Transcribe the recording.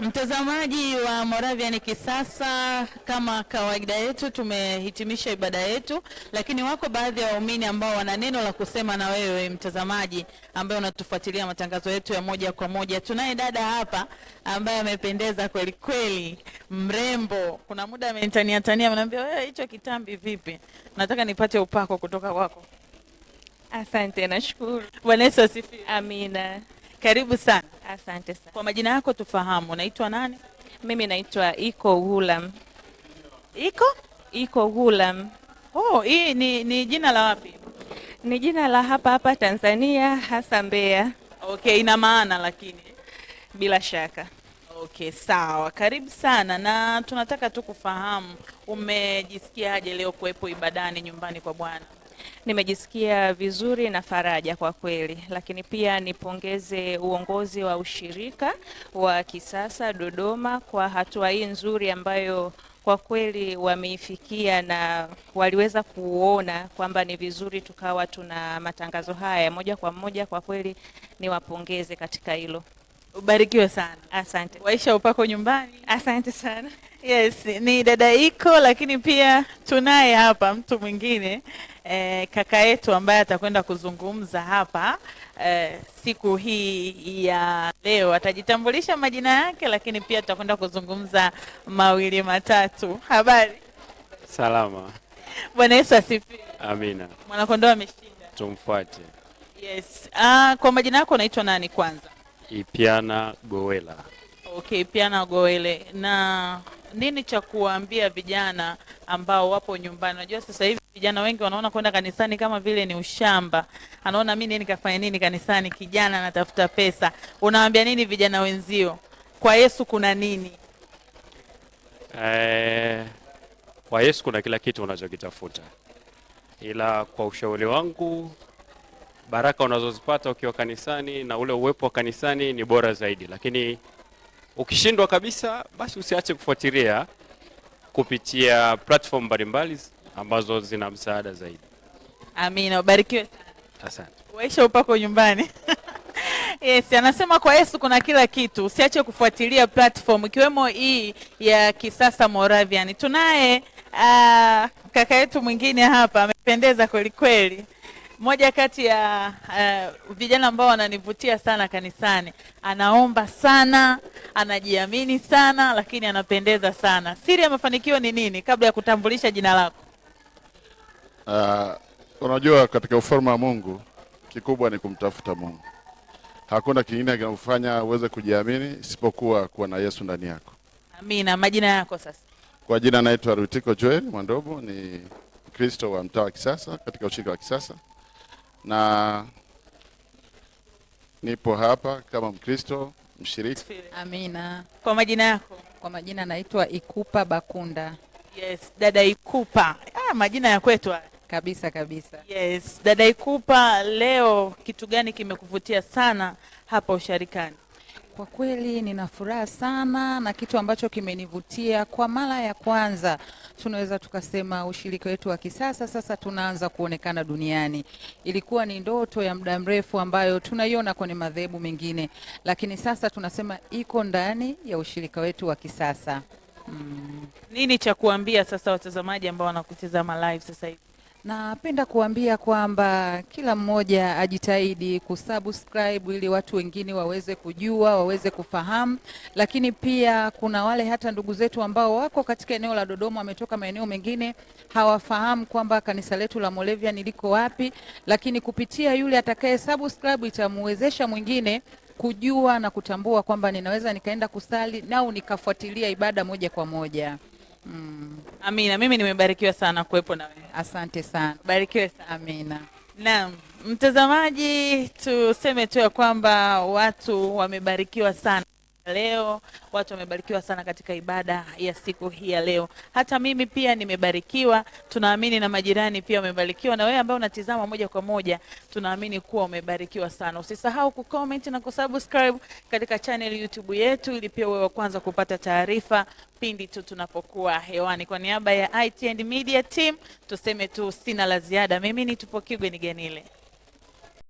Mtazamaji wa Moravian Kisasa, kama kawaida yetu, tumehitimisha ibada yetu, lakini wako baadhi ya wa waumini ambao wana neno la kusema na wewe mtazamaji, ambaye unatufuatilia matangazo yetu ya moja kwa moja. Tunaye dada hapa ambaye amependeza kweli kweli, mrembo. Kuna muda amenitaniatania, tania, ananiambia wewe, hicho kitambi vipi? Nataka nipate upako kutoka kwako. Asante, nashukuru. Bwana Yesu asifiwe. Amina. Karibu sana. Asante sana. Kwa majina yako tufahamu, unaitwa nani? Mimi naitwa Iko Ghulam. Iko Iko Ghulam. Oh, hii ni, ni jina la wapi? Ni jina la hapa hapa Tanzania hasa Mbeya. Okay, ina maana lakini bila shaka. Okay, sawa. Karibu sana na tunataka tu kufahamu umejisikiaje leo kuwepo ibadani nyumbani kwa Bwana? Nimejisikia vizuri na faraja kwa kweli, lakini pia nipongeze uongozi wa ushirika wa kisasa Dodoma kwa hatua hii nzuri ambayo kwa kweli wameifikia na waliweza kuona kwamba ni vizuri tukawa tuna matangazo haya moja kwa moja. Kwa kweli niwapongeze katika hilo. Ubarikiwe sana. Asante. Waisha upako nyumbani. Asante sana. Yes, ni dada iko, lakini pia tunaye hapa mtu mwingine eh, kaka yetu ambaye atakwenda kuzungumza hapa eh, siku hii ya leo. Atajitambulisha majina yake, lakini pia tutakwenda kuzungumza mawili matatu. Habari? Salama. Bwana Yesu asifiwe. Amina. Mwanakondoo ameshinda. Tumfuate. Yes. Ah, kwa majina yako unaitwa nani kwanza? Ipiana Gowela. Ukiipiana na goele na nini cha kuambia vijana ambao wapo nyumbani? Unajua sasa hivi vijana wengi wanaona kwenda kanisani kama vile ni ushamba, anaona mimi nini kafanya nini kanisani, kijana anatafuta pesa. Unawaambia nini vijana wenzio? Kwa Yesu kuna nini? Eh, kwa Yesu kuna kila kitu unachokitafuta, ila kwa ushauri wangu baraka unazozipata ukiwa kanisani na ule uwepo wa kanisani ni bora zaidi, lakini Ukishindwa kabisa, basi usiache kufuatilia kupitia platform mbalimbali ambazo zina msaada zaidi. Amina, ubarikiwe sana. Asante. Waisha upako nyumbani. Yes, anasema kwa Yesu kuna kila kitu. Usiache kufuatilia platform ikiwemo hii ya Kisasa Moravian. Tunaye ah, kaka yetu mwingine hapa amependeza kweli kweli. Moja kati ya uh, vijana ambao wananivutia sana kanisani, anaomba sana, anajiamini sana, lakini anapendeza sana. Siri ya mafanikio ni nini, kabla ya kutambulisha jina lako? Uh, unajua katika ufalme wa Mungu kikubwa ni kumtafuta Mungu. Hakuna kingine kinakufanya uweze kujiamini isipokuwa kuwa na Yesu ndani yako. Amina. Majina yako sasa? Kwa jina naitwa Rutiko Joel Mwandobo, ni Kristo wa mtaa wa Kisasa katika ushirika wa Kisasa na nipo hapa kama Mkristo mshiriki. Amina. Kwa majina yako? Kwa majina naitwa Ikupa Bakunda. Yes, dada Ikupa. Ah, majina ya kwetu kabisa kabisa. Yes, dada Ikupa, leo kitu gani kimekuvutia sana hapa usharikani? Kwa kweli nina furaha sana na kitu ambacho kimenivutia kwa mara ya kwanza, tunaweza tukasema ushiriki wetu wa kisasa sasa tunaanza kuonekana duniani. Ilikuwa ni ndoto ya muda mrefu ambayo tunaiona kwenye madhehebu mengine, lakini sasa tunasema iko ndani ya ushirika wetu wa kisasa. Mm. Nini cha kuambia sasa watazamaji ambao wanakutizama live sasa hivi? Napenda kuambia kwamba kila mmoja ajitahidi kusubscribe ili watu wengine waweze kujua, waweze kufahamu. Lakini pia kuna wale hata ndugu zetu ambao wako katika eneo la Dodoma, wametoka maeneo mengine, hawafahamu kwamba kanisa letu la Moravian liko wapi. Lakini kupitia yule atakaye subscribe itamwezesha mwingine kujua na kutambua kwamba ninaweza nikaenda kusali au nikafuatilia ibada moja kwa moja. Mm. Amina, mimi nimebarikiwa sana kuwepo nawe. Asante sana, barikiwe sana. Amina. Naam, mtazamaji, tuseme tu ya kwamba watu wamebarikiwa sana leo. Watu wamebarikiwa sana katika ibada ya siku hii ya leo. Hata mimi pia nimebarikiwa, tunaamini na majirani pia wamebarikiwa, na wewe ambaye unatizama moja kwa moja, tunaamini kuwa umebarikiwa sana. Usisahau kucomment na kusubscribe katika channel YouTube yetu, ili pia wewe wa kwanza kupata taarifa pindi tu tunapokuwa hewani. Kwa niaba ya and Media team tuseme tu sina la ziada. Mimi ni Tupokigwe